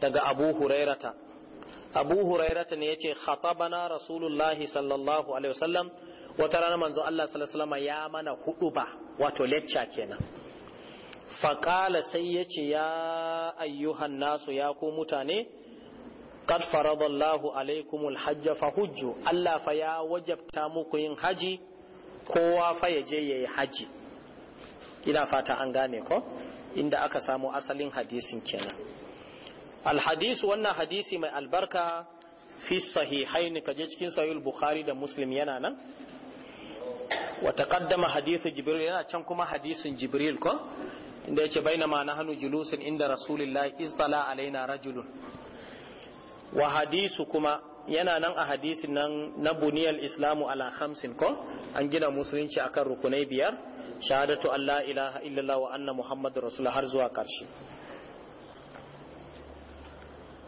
daga abu hurairata abu hurairata ne ya ce khatabana rasulullahi sallallahu alaihi wasallam wata rana manzo Allah sallallahu alaihi ya mana hudu ba wato lecture kenan faƙala sai ya ce ya ayyuhan nasu ya ku mutane qad faradallahu alaikumul hajja fahujju Allah fa ya wajabta muku yin haji kowa fa ya je yayi haji ina fata an gane ko inda aka samo asalin hadisin kenan alhadis wannan hadisi mai albarka fi sahihain kaje cikin sahihul bukhari da muslim yana nan Wataƙaddama hadisin jibril yana can kuma hadisin jibril ko inda yace bainama hannu julusun inda rasulillahi istala alaina rajulun wa hadisu kuma yana nan a hadisin nan na buniyar islamu ala hamsin ko an gina musulunci akan rukunai biyar shahadatu allah ilaha illallah wa anna muhammad rasulullah har zuwa karshe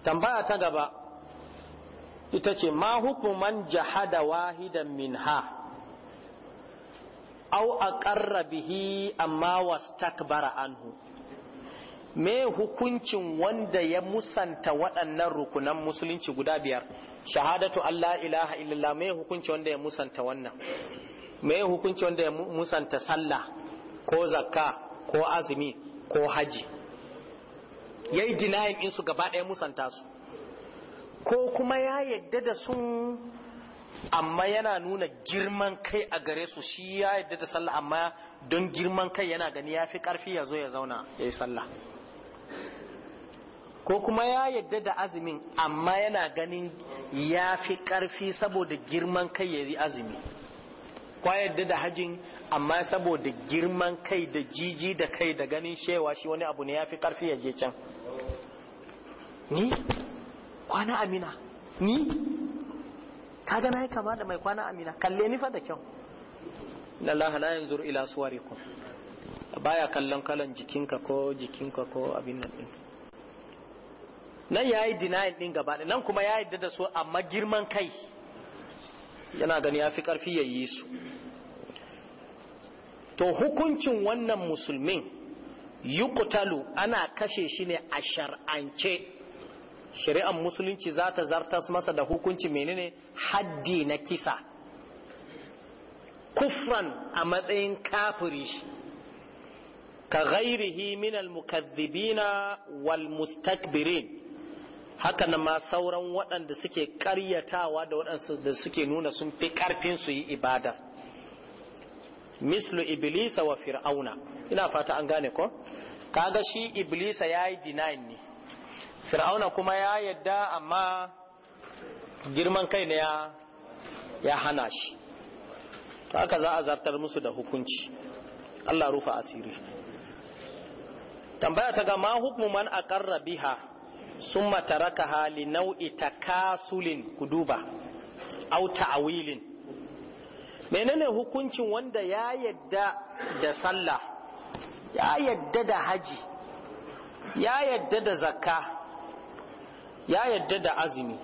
tambaya ta gaba ita ce ma hukuman jahada wahidan minha au aqarra bihi amma wastakbara anhu me hukuncin wanda ya musanta waɗannan rukunan musulunci guda biyar shahadatu Allah ilaha illallah me hukuncin wanda ya musanta wannan me hukuncin wanda ya musanta sallah ko zakka ko azumi ko haji yayi dinayin in su gaba ɗaya musanta su ko kuma ya yadda da sun amma yana nuna girman kai a gare su shi ya yadda da sallah amma don girman kai yana gani ya fi ƙarfi ya zo ya zauna ya yi sallah ko kuma ya yadda da azumin amma yana ganin ya fi ƙarfi saboda girman kai ya yi azumi kwa yadda da hajin amma saboda girman kai da jiji da kai da ganin shewa shi wani abu ne ya fi ƙarfi ya je can ni kwana amina ni ka gana ya kama da mai kwana amina kalle ni fa da kyau na la yanzur ila suwarikum baya kallon kalan jikinka ko jikinka ko abin nan ɗin nan ya yi denial ɗin gaba nan kuma ya yadda da su amma girman kai yana gani ya fi ƙarfi ya yi su to hukuncin wannan musulmin kutalu ana kashe shi ne a shar'ance shari'ar musulunci za ta zartas masa da hukunci menene haddi na kisa kufran a matsayin kafiri ka ghairihi minal mukazzibina wal mustakbirin haka na ma sauran waɗanda suke ƙaryatawa da waɗansu da suke nuna sun fi ƙarfin su yi ibada mislu iblisa wa fir'auna ina fata an gane ko kaga shi iblisa ya yi denying ne fir'auna kuma ya yadda amma girman kai ne ya hana shi to haka za a zartar musu da hukunci Allah rufa asiri tambaya ta ga ma hukmu man aqarra biha summa taraka hali nau'i takasulin ku duba au ta'awilin menene hukuncin wanda ya yadda da sallah ya yadda da haji ya yadda da zakka ya yadda da azumi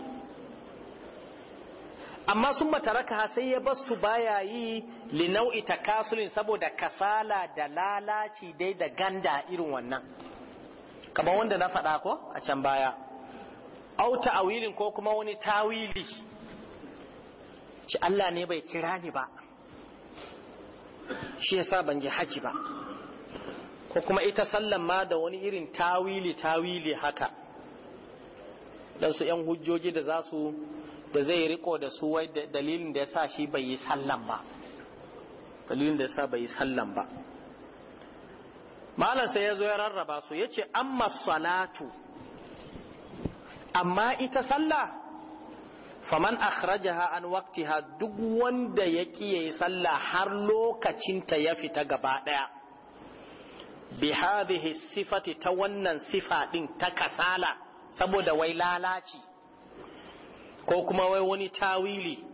amma sun mataraka sai ya basu baya yi linau'i takasulin saboda kasala da lalaci dai da ganda irin wannan kamar wanda na faɗa ko a can baya au ta'awilin ko kuma wani tawili ci Allah ne bai kira ni ba shi yasa ban je haji ba ko kuma ita sallan ma da wani irin tawili tawili haka dan su yan hujjoji da za su da zai riko da su wai dalilin da yasa shi bai yi sallan ba dalilin da yasa bai yi sallan ba malam sai ya zo ya rarraba su yace ce amma salatu amma ita sallah faman akhrajaha an waqtiha duk wanda ya kiyaye sallah har lokacin ta ya fita gaba daya bi hadhihi sifati ta wannan sifa din ta kasala saboda wai lalaci ko kuma wai wani tawili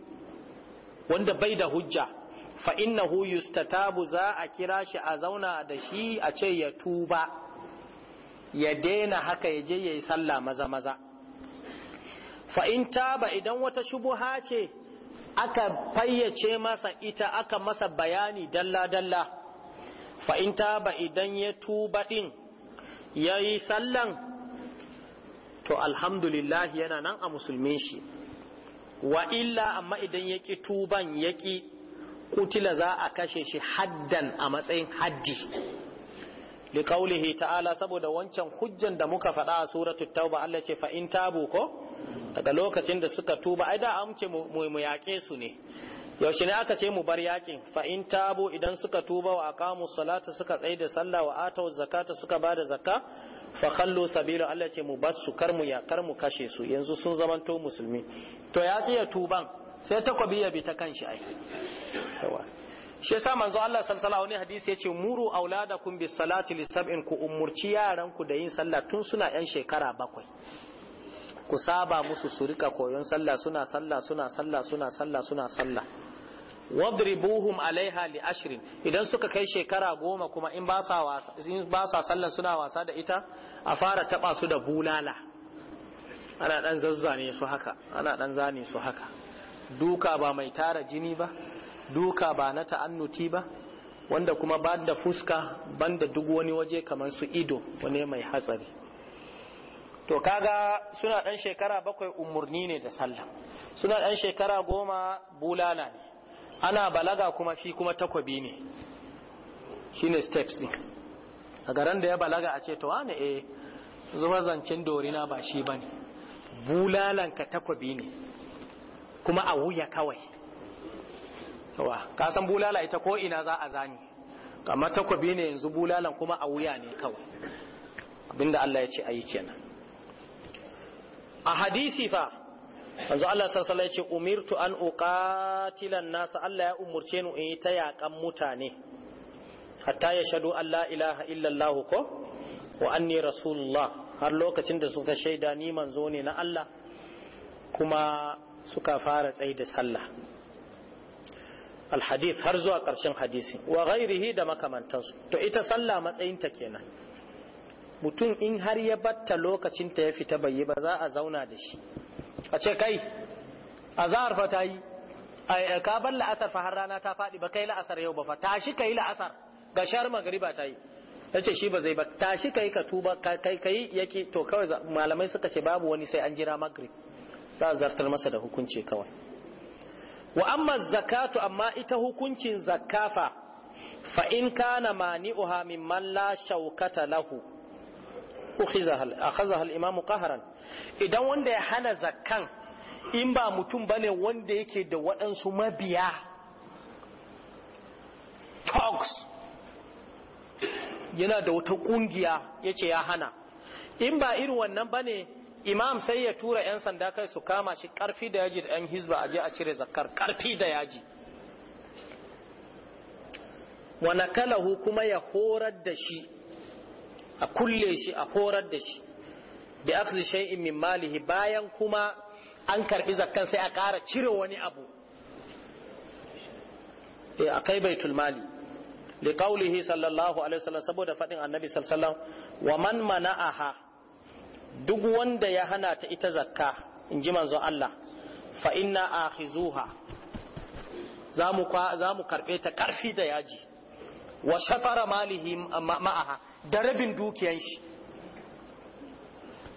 wanda bai da hujja fa innahu yustatabu za a kira shi a zauna da shi a ce ya tuba ya daina haka ya je ya yi sallah maza maza fa in taba idan wata shubuha ce aka fayyace masa ita aka masa bayani dalla dalla fa in taba idan ya tuba din yayi sallan to alhamdulillah yana nan a musulmin shi wa illa amma idan ya ki tuban ya ki kutila za a kashe shi haddan a matsayin haddi liƙaulihi ta'ala saboda wancan hujjan da muka faɗa a suratul tauba Allah ce fa in tabu ko daga lokacin da suka tuba ai da amce mu yaƙe su ne yaushe ne aka ce mu bar yakin fa in tabu idan suka tuba wa aqamu salata suka tsaye da sallah wa atau zakata suka ba da zakka fa khallu sabila Allah ce mu bar su kar mu ya kar mu kashe su yanzu sun zamanto musulmi to ya ce ya tuban sai takobi ya bi ta kanshi ai kaiwa shi yasa manzo Allah sallallahu alaihi hadisi yace muru auladakum bis salati lisab'in ku umurci yaran ku da yin sallah tun suna yan shekara bakwai ku saba musu su rika koyon sallah suna sallah suna sallah suna sallah suna sallah wadribuhum alaiha li ashrin idan suka kai shekara goma kuma in ba sa in ba sa sallan suna wasa da ita a fara taba su da bulala ana dan zazzane su haka ana dan zane su haka duka ba mai tara jini ba duka ba na ta'annuti ba wanda kuma ba da fuska banda duk wani waje kamar su ido wani mai hatsari to kaga suna dan shekara bakwai umurni ne da sallah suna dan shekara goma bulala ne ana balaga kuma shi kuma takwabi ne shine steps ɗin a garin da ya balaga a ce to wane eh zuwa zancen dorina ba shi bane bulalan ka takwabi ne kuma a wuya kawai yawa ka san bulala ita ko ina za a zani kamar takobi ne yanzu bulalan kuma a wuya ne kawai abinda Allah ya ce ayi kenan a hadisi fa yanzu Allah sallallahu ya ce umirtu an uqatila nasa Allah ya umurce ni in yi ta yaƙan mutane hatta ya shadu Allah ilaha illallahu ko wa anni rasulullah har lokacin da suka shaida ni manzo ne na Allah kuma suka fara tsaye da sallah alhadith har zuwa ƙarshen hadisi wa ghairihi da makamantansu to ita sallah matsayinta kenan mutum in har ya batta lokacinta ya fita bai yi ba za a zauna da shi a ce kai a fa ta yi ka bar la'asar fa har rana ta faɗi ba kai la'asar yau ba fa tashi ka yi la'asar ga shahar magariba ta yi ta ce shi ba zai ba tashi ka yi ka tuba kai kai yake to kawai malamai suka ce babu wani sai an jira magrib za a zartar masa da hukunci kawai wa amma zakatu amma ita hukuncin zakafa fa in kana mani min man la shaukata lahu akhazaha al-imamu qahran idan wanda ya hana zakkan in ba mutum bane wanda yake da waɗansu mabiya talks yana da wata ƙungiya yace ya hana in ba irin wannan bane imam sai ya tura 'yan sanda kai su kama shi karfi da yaji da 'yan hizba a je a cire zakar karfi da yaji wana kalahu kuma ya horar da shi a kulle shi a horar da shi bi akhzi shay'in min malihi bayan kuma an karbi zakkan sai a ƙara cire wani abu e eh, akai baitul mali liqaulihi sallallahu alaihi wasallam saboda fadin annabi sallallahu wa man mana'aha duk wanda ya hana ta ita zakka in ji manzon Allah fa inna akhizuha za mu za karbe ta karfi da yaji wa shatara malihi ma'aha da rabin dukiyan shi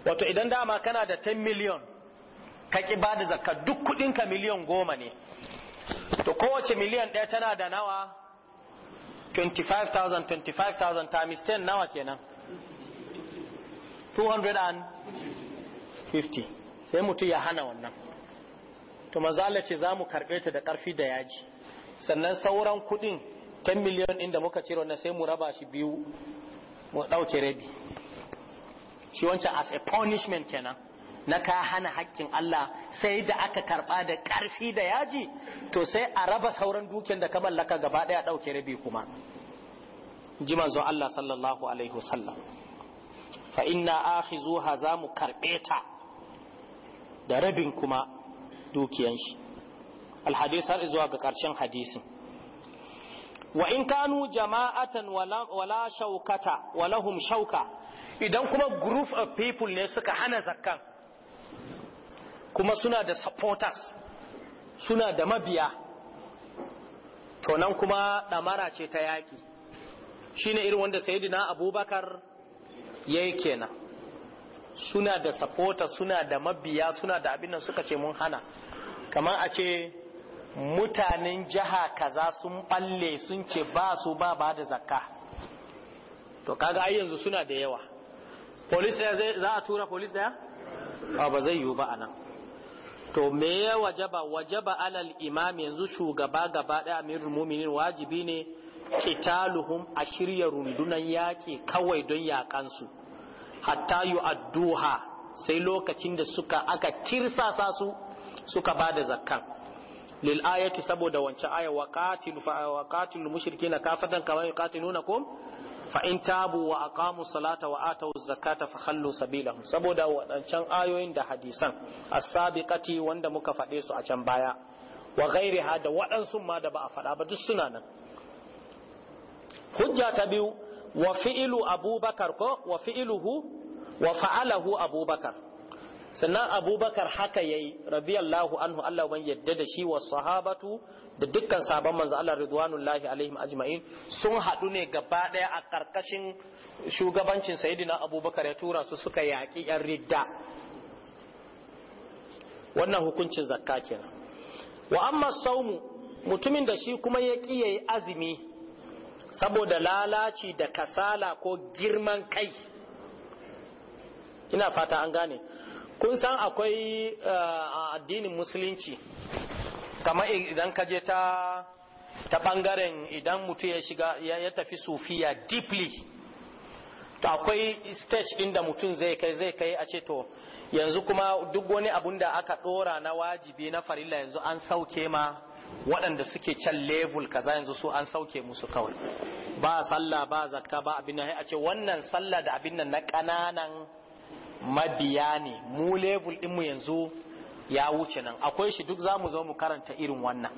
wato idan dama kana da 10 miliyon ka ki bada zakka duk kudin ka miliyon goma ne to kowace miliyan ɗaya tana da nawa 25,000 25,000 times 10 nawa kenan 250 sai mutum ya hana wannan to mazala ce za mu karɓe ta da ƙarfi da yaji sannan sauran kuɗin 10 miliyon inda muka cire na sai mu raba shi biyu mu ɗauke rabi shi wancan as a punishment kenan na ka hana haƙƙin Allah sai da aka karɓa da ƙarfi da yaji to sai a raba sauran dukiyar da ka mallaka gaba ɗaya ɗauke rabi kuma ji zo Allah sallallahu alaihi wasallam fa inna akhizuha za mu karɓe ta da rabin kuma dukiyan shi alhadis har zuwa ga ƙarshen hadisin wa in kanu jama'atan wala shaukata walahum shauka idan kuma group of people ne suka hana zakkan kuma suna da supporters suna da mabiya to nan kuma ɗamara ce ta yaƙi shine irin wanda sayyidina abubakar yayi kenan suna da sapota suna da mabiya suna da abin nan suka ce mun hana kamar a ce mutanen jiha kaza sun balle sun ce ba su ba ba da zakka to kaga ai yanzu suna da yawa police daya za a tura police daya ba zai yiwu ba anan to me ya wajaba wajaba alal imam yanzu shugaba gaba daya amirul mu'minin wajibi ne kitaluhum a shirya rundunan yaƙi kawai don yaƙansu hatta adduha sai lokacin da suka aka kirsasa su suka ba da zakkan lil ayati saboda wancan aya wa qatilu fa wa qatilu mushrikina kafatan kama yuqatilunakum fa in tabu wa aqamu salata wa atu zakata fa khallu sabilahum saboda wadancan ayoyin da hadisan as-sabiqati wanda muka faɗe su a can baya wa ghairiha da waɗansu ma da ba a faɗa ba duk suna nan hujja ta biyu wa fi'ilu abubakar ko wa fi'iluhu wa fa'alahu abubakar sannan abubakar haka yayi radiyallahu anhu Allah ban yadda da shi wa sahabatu da dukkan sahabban manzo Allah ridwanullahi alaihim ajma'in sun hadu ne gaba daya a karkashin shugabancin sayyidina abubakar ya tura su suka yaki yan ridda wannan hukuncin zakka kenan wa amma saumu mutumin da shi kuma ya ƙi yayi azumi saboda lalaci da kasala ko girman kai ina fata an gane kun san akwai eh, addinin musulunci kamar idan ka je ta ta bangaren idan mutum ya shiga ya tafi sufiya deeply to akwai stage inda mutum zai kai zai kai a ce to yanzu kuma duk wani abun da aka dora na wajibi na farilla yanzu an sauke ma waɗanda suke can level kaza yanzu su an sauke musu kawai ba sallah ba zakka ba abin nan a ce wannan sallah da abin nan na ƙananan mabiya ne mu level ɗinmu yanzu ya wuce nan akwai shi duk zamu zo mu karanta irin wannan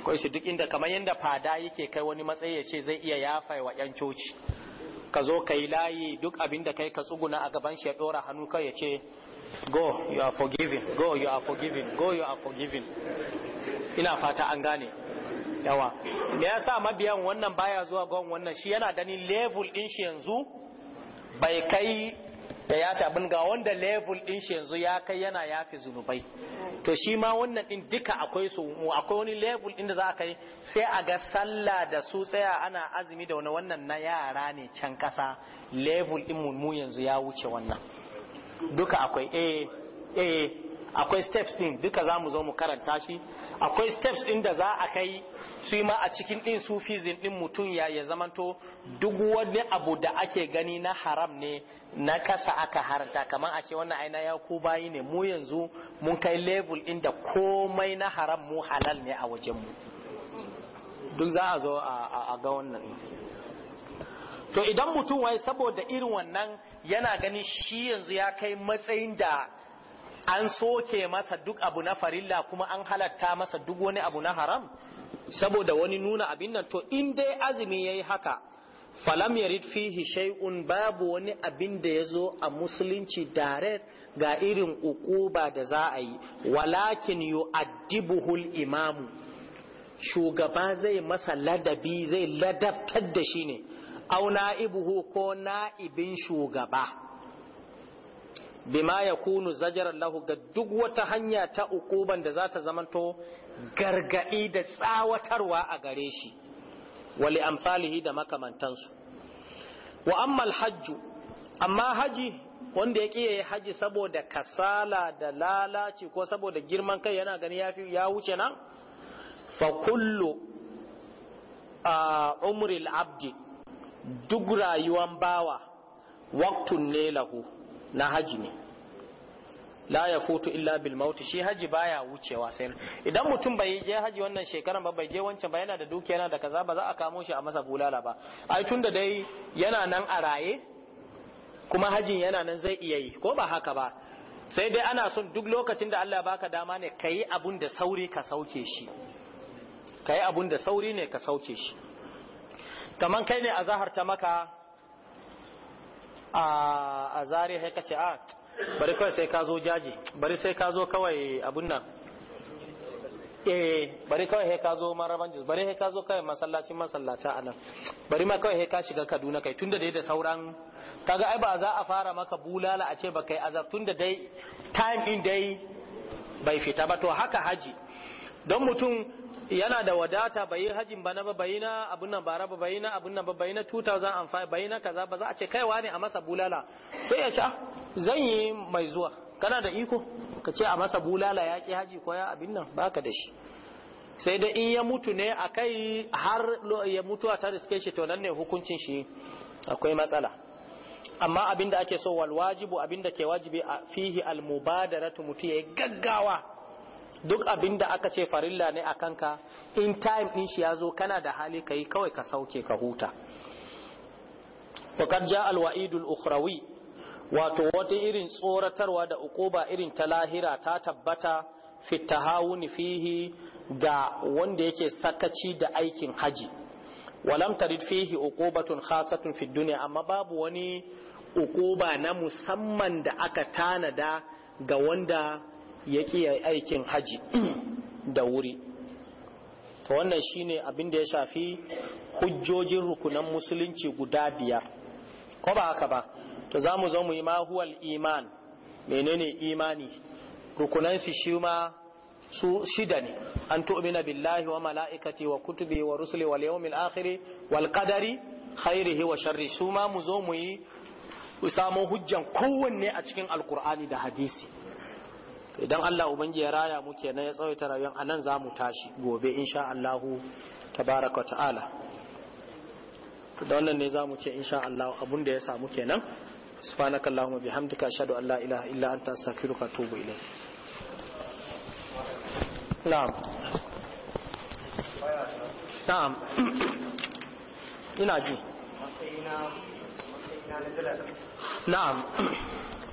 akwai shi duk inda kamar yadda fada yake kai wani matsayi ya ce zai iya yafa wa yan coci ka zo ka yi layi duk abin da kai ka tsuguna a gaban shi ya ɗora hannu kai ya ce go you are forgiven go you are forgiven go you are forgiven ina fata an gane yawa me yasa mabiyan wannan baya zuwa ga wannan shi yana ganin level din shi yanzu bai kai da ya tabin ga wanda level din shi yanzu ya kai yana yafi zunubai to shi ma wannan din duka akwai su akwai wani level din da za ka yi sai a ga sallah da su tsaya ana azumi da wannan na yara ne can kasa level din mu yanzu ya wuce wannan duka akwai eh eh akwai steps din duka zamu zo mu karanta shi akwai steps ɗin da za a kai su ma a cikin ɗin sufizin ɗin mutum ya ya zamanto duk wani abu da ake gani na haram ne na kasa aka haranta kamar a ce wannan aina ya ku bayi ne mu yanzu mun kai level ɗin da komai na haram mu halal ne a wajen mu duk za a zo a ga wannan to idan mutum wai saboda irin wannan yana gani shi yanzu ya kai matsayin da an soke masa duk abu na farilla kuma an halatta masa duk wani abu na haram saboda wani nuna abin nan to in dai azumi yayi haka falam yarid fihi shay'un babu wani abin da yazo a musulunci direct ga irin ukuba da za a yi walakin al Imam. shugaba zai masa ladabi zai ladabtar da shi ne au na'ibuhu ko na'ibin shugaba bima ya kunu zajarar lahu ga duk wata hanya ta ukuban da za ta zamanto gargaɗi da tsawatarwa a gare shi wali amsalihi da makamantansu wa ammal hajju amma haji wanda ya kiyaye haji saboda kasala da lalaci ko saboda girman kai yana gani ya wuce nan fa kullu a umril abdi duk rayuwan bawa waktun ne lahu na haji ne la ya futu illa bil maut shi haji baya wucewa sai idan mutum bai je haji wannan shekaran ba bai je wancan ba yana da dukiya yana da kaza ba za a kamo shi a masa bulala ba ai tunda dai yana nan a raye kuma hajin yana nan zai iya yi ko ba haka ba sai dai ana son duk lokacin da Allah baka dama ne kayi abun da sauri ka sauke shi kayi abun da sauri ne ka sauke shi kaman kai ne a zahar ta maka a a sai ka ce a ah, bari kawai sai ka zo jaji bari sai ka zo kawai abun nan eh bari kawai sai ka zo maraban jus bari sai ka zo kawai masallacin masallata a nan bari ma kawai sai ka shiga kaduna kai tunda dai da sauran kaga ai ba za a fara maka bulala a ce ba kai azab tunda dai time din dai bai fita ba to haka haji don mutum yana da wadata bayi yi hajin ba na abun nan bara ba bayina abun nan ba bai na 2005 bayina na kaza ba za a ce kaiwa ne a masa bulala sai ya sha ah, zan yi mai zuwa kana da iko ka ce a masa bulala ya ki haji ko ya abin nan baka da shi sai dai in ya mutu ne a kai har ya mutu a ta riske shi to nan ne hukuncin shi akwai matsala amma abin da ake so wal wajibu abin da ke wajibi a fihi al mubadaratu mutu ya gaggawa duk abin da aka ce farilla ne a kanka in time din shi ya zo kana da hali ka yi kawai ka sauke ka huta faƙar ja alwa'idul ukhrawi wato wata irin tsoratarwa da ukuba irin ta lahira ta tabbata fitahawuni fihi ga wanda yake sakaci da aikin haji walam tarid fihi uqubatun khasatun fid dunya amma babu wani uquba na musamman da aka tanada ga wanda ya kiyaye aikin haji da wuri to wannan shine abin da ya shafi hujjojin rukunan musulunci guda biyar ko ba haka ba to za mu zo mu yi mahuwal iman menene imani rukunan shi ma su shida ne an tu'mina billahi wa mala'ikati wa kutubi wa rusuli wal yawmil akhir wal qadari khairihi wa sharri su ma mu zo mu yi samu hujjan kowanne a cikin alkur'ani da hadisi idan Allah ubangi ya raya mu kenan ya tsawaita rayuwar anan za mu tashi gobe insha Allahu tabaraka ta'ala da wannan ne za mu ce insha Allah abun da ya samu kenan subhanaka allahumma bihamdika ashhadu an la ilaha illa anta astaghfiruka wa atubu ilayk na'am na'am ina ji na'am